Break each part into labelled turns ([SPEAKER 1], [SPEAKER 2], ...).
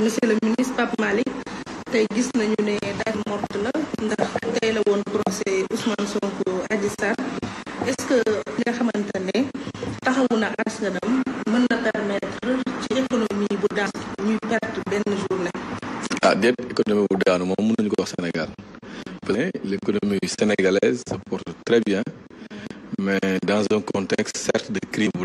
[SPEAKER 1] monsieur le ministre Pape vous nous gis que la ndax avons procès Ousmane Sonko à est-ce que nga nous que na permettre ci économie bu daan ñuy perte journée.
[SPEAKER 2] ah dette économie bu daanu Sénégal l'économie sénégalaise se porte très bien mais dans un contexte certes de crise bu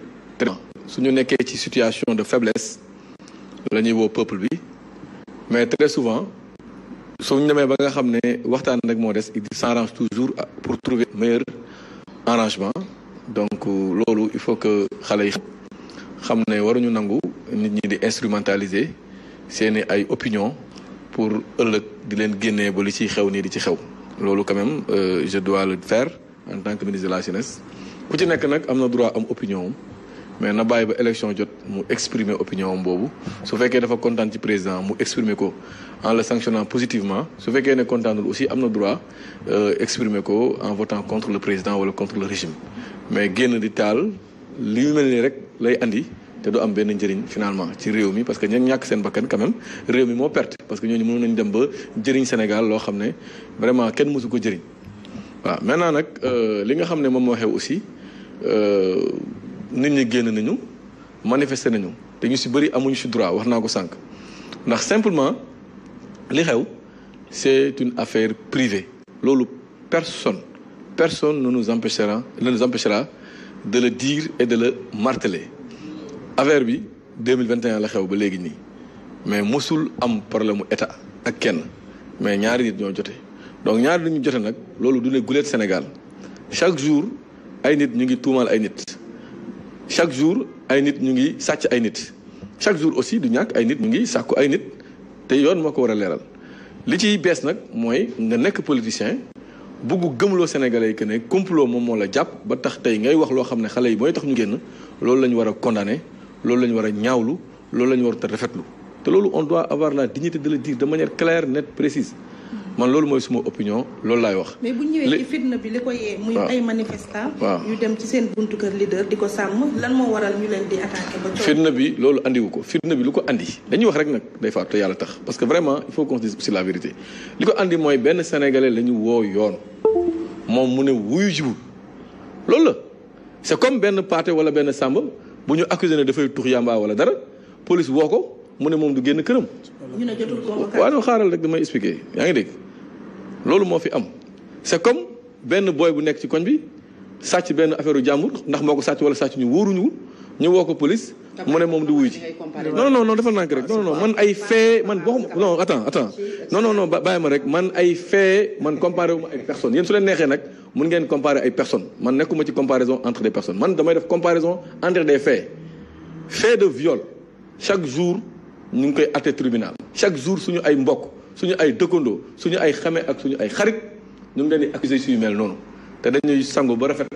[SPEAKER 2] su ñu dans ci situation de faiblesse au niveau du peuple mais très souvent si demee ba nga une situation waxtaan faiblesse, moo s'arrange toujours pour trouver meilleur arrangement donc il faut que les yi waru ne nangu instrumentaliser opinion pour ëllëg di leen génnee ba li ciy xew quand même euh, je dois le faire en tant que ministre de la jeunesse ku ci nekk nous am le droit am opinion mais na bàyyi ba élection jot mu exprimer opinion am boobu su fekkee dafa content ci président mu exprimer ko en le sanctionnant positivement su fekkee ne kontaanul aussi am na droit euh, exprimer ko en votant contre le président wala contre le régime mais génn di taal li ñu mel ni rek lay andi te du am benn njëriñ finalement ci réew mi parce que ñenn ñàkk seen bakkan quand même réew mi moo perte parce que ñooñu mënoon nañ dem ba jëriñ Sénégal loo xam ne vraiment kenn mësu ko jëriñ waaw maintenant nag euh, li nga xam ne moom moo xew aussi euh, nit ñi génn nañu manifester nañu te ñu si bëri amuñu si droit wax naa ko sànq ndax simplement li xew c'est une affaire privée loolu personne personne ne nous empêchera ne nous empêchera de le dire et de le marteler affaire bi 2021 la xew ba léegi nii mais mosul am problème état ak kenn mais ñaari nit ñoo jote donc ñaari nit ñu jote nag loolu du ne guleet Sénégal chaque jour ay nit ñu ngi tuumaal ay nit chaque jour ay nit ñu ngi sàcc ay nit chaque jour aussi du ñàkk ay nit ñu ngi sàkku ay nit te yoon moo ko war a leeral li ciy bees nag mooy nga nekk politicien bugg gëmloo sénégalais yi que ne complot moom moo la jàpp ba tax tey ngay wax loo xam ne xale yi mooy tax ñu génn loolu lañ ñu war a condamné loolu la war a ñaawlu loolu la ñu war a rafetlu te loolu on doit avoir la dignité de le dire de manière claire nette précise man loolu suma opinion loolu laay wax.
[SPEAKER 1] mais bu ñëwee ci fitna bi li muy ay manifestants. dem ci leader di ko lan moo waral ñu leen di attaqué ba.
[SPEAKER 2] fitna bi loolu andiwu fitna bi lu andi. wax rek day tax parce que vraiment il faut qu'on se dise la vérité li andi mooy benn sénégalais la ñu yoon moom mu ne c'est comme benn wala ne wala dara police woo mu ne moom du génn këram.
[SPEAKER 1] ñu ne jotul waaw
[SPEAKER 2] xaaral rek damay expliquer yaa ngi dégg. loolu moo fi am c'est comme benn booy bu nekk ci koñ bi sàcc benn affaire jàmbur ndax moo ko sàcc wala sàcc ñu wóoruñu ñu woo ko police. mu ne moom du wuy ci non non non defal nànk rek non non man ay fee man boo non attends attends non non non bàyyi ma rek man ay fee man comparé wu ma ay personne yéen su leen neexee nag mun ngeen comparer ay personne man nekkuma ci comparaison entre des personnes man damay def comparaison entre des faits fait de viol chaque jour ñu ngi koy atte tribunal chaque jour suñu ay mbokk suñu ay dëkkandoo suñu ay xame ak suñu ay xarit ñu ngi leen di accuser suñu mel noonu te dañuy sangu ba rafet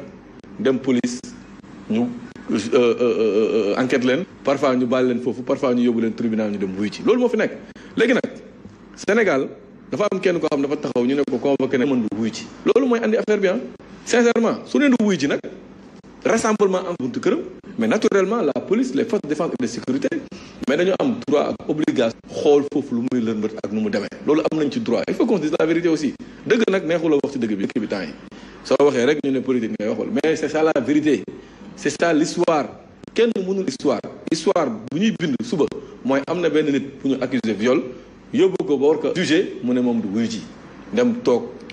[SPEAKER 2] dem police ñu euh, euh, euh, enquête leen parfois ñu bàyyi leen foofu parfois ñu yóbbu leen tribunal ñu dem wuy ci loolu moo fi nekk léegi nag Sénégal dafa am kenn koo xam dafa taxaw ñu ne ko convoqué ne mën du wuy ci loolu mooy andi affaire bi ah sincèrement su neen du wuy ci nag rassemblement en buntu këram mais naturellement la police les forces de défense et de sécurité mais dañu am droit ak obligation xool foofu lu muy lëndët ak nu mu demee loolu am nañ ci droit il faut qu'on se dise la vérité aussi dëgg nag neexul a wax ci dëgg bi dëkk bi temps yi soo waxee rek ñu ne politique ngay waxul mais c'est ça la vérité c'est ça l'histoire kenn mënu histoire histoire bu ñuy bind suba mooy am na benn nit bu ñu accuser viol yóbbu ko ba war ko juger mu ne moom du wuyu ji dem toog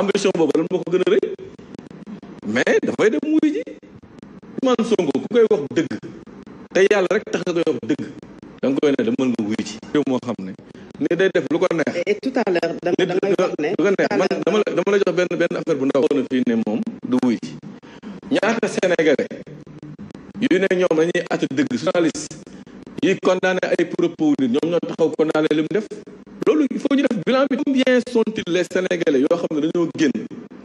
[SPEAKER 2] ambition boobu lan moo ko gën a rëy mais dafay dem wuy ji Ousmane Sonko ku koy wax dëgg te yàlla rek tax da koy wax dëgg da nga koy ne da mën nga wuy ji réew moo xam ne ni day def lu ko neex et tout à l'heure da nga wax ne lu ko neex man dama la dama la jox benn benn affaire bu ndaw na fii ne moom du wuy ji ñaata sénégalais yooyu ne ñoom dañuy àtte dëgg journaliste yi condamné ay propos nit ñoom ñoo taxaw condamné li mu def loolu il faut def bilan bi combien sont-ils yoo xam ne dañoo génn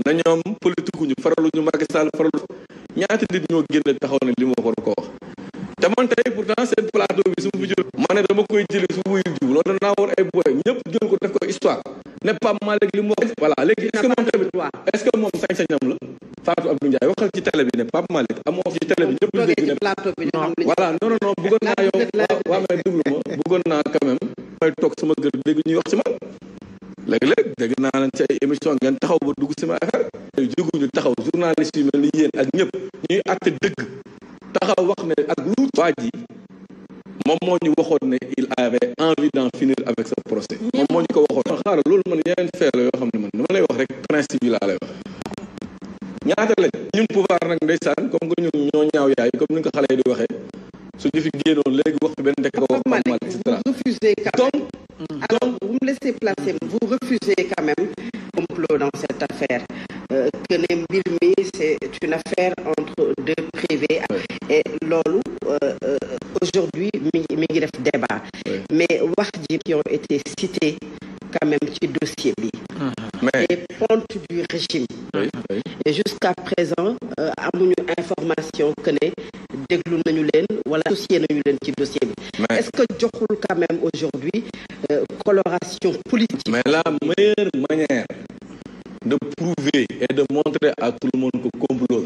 [SPEAKER 2] na ñoom politique ñu faralu ñu Macky nit ñoo génn taxaw ne li ma war ko wax te tey pourtant seen plateau bi su fi jël ne dama koy jëlee su wuyu jiw loolu danaa woon ay booy ñëpp jël ko def ko histoire ne Pape Malick li mu wax voilà léegi est-ce que moom tamit est-ce que moom sañ-sañam la Fatou Abdou Ndiaye waxal ci télé bi ne Pape Malick am wax ci télé bi ñëpp dégg ne voilà non non non bëggoon naa yow waa mais déglu ma bëggoon naa quand même may toog sama kër dégg ñuy wax ci man léeg-léeg dégg naa leen ci ay émission ngeen taxaw ba dugg sama affaire ñu jóguñu taxaw journaliste yu mel ni yéen ak ñëpp ñuy àtte dëgg taxaw wax ne ak lu waa ji moom moo ñu waxoon ne il avait envie d'en finir avec ce procès moom moo ñu ko waxoon xaaral loolu man yeneen fee la yoo xam ne man dama lay wax rek principe yi laa lay wax ñaata lañ ñun pouvoir nag ndeysaan comme que ñun ñoo ñaaw yaay comme ni ko xale yi di waxee suñu fi génnoon léegi wax fi benn dëkk ko wax normal et cetera
[SPEAKER 1] donc mm. vous me laissez placer vous refusez quand même complot dans cette affaire euh, que ne mbir mi c'est une affaire entre deux privés et loolu aujourd'hui mi débat mais wax qui ont été cités quand même le dossier bi
[SPEAKER 2] ah, les
[SPEAKER 1] pontes du régime et jusqu'à présent euh, amuñu information que ne déglu nañu que wala avons nañu leen ci dossier est-ce que joxul quand même aujourd'hui euh, coloration
[SPEAKER 2] politique mais la meilleure manière de prouver et de montrer à tout le monde que complot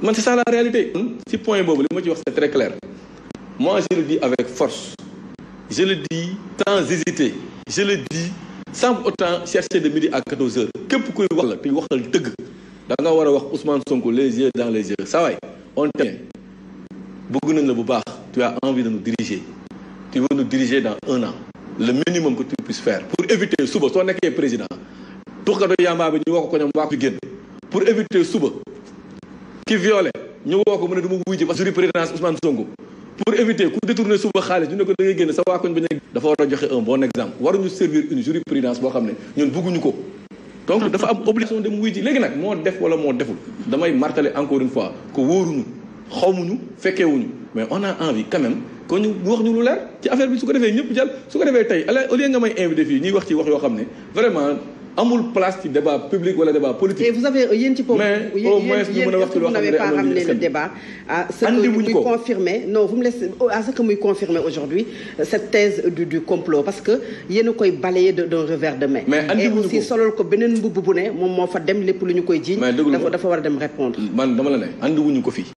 [SPEAKER 2] Mais c'est ça la réalité hmm? Si point boobu li ma ci wax c'est très clair moi je le dis avec force je le dis sans hésiter je le dis sans autant chercher de midi à 14 heures Que kuy wax la te waxal dëgg da nga war a wax Ousmane Sonko les yeux dans les yeux Ça va, on t'aime bëgg nañ la bu baax tu as envie de nous diriger tu veux nous diriger dans un an le minimum que tu puisses faire pour éviter suba soo nekkee président pour éviter suba qui violé ñu woo ko mu ne wuy ji parce que juri présidence Ousmane Sonko pour éviter ku détourner suba xaalis ñu ne ko da ngay génn sa waa koñ ba ne dafa war a joxe un bon exemple waruñu servir une jurisprudence boo xam ne ñun bëgguñu ko donc dafa am obligation dem wuy ji léegi nag moo def wala moo deful damay marteler encore une fois que wóoruñu xawmuñu fekkeewuñu mais on a envie quand même ko ñu wax ñu lu leer ci affaire bi su ko defee ñëpp jàll su ko defee tey ala au lieu nga may invité fii ñuy wax ci wax yoo xam ne vraiment amul place ci débat public wala débat politique. et vous avez euh, yéen ci boobu. mais au moins ñu mën a pas ramené le débat à ce que muy confirmer non vous me
[SPEAKER 1] laissez à ce que muy confirmer aujourd'hui cette thèse du du complot parce que yéen a koy balayer d'un revers de main. mais andi wuñu ko et aussi solol ko benen mbubb bu ne moom moo fa dem lepp lu ñu koy dafa dafa war dem répondre. man dama la né andi wuñu ko fi.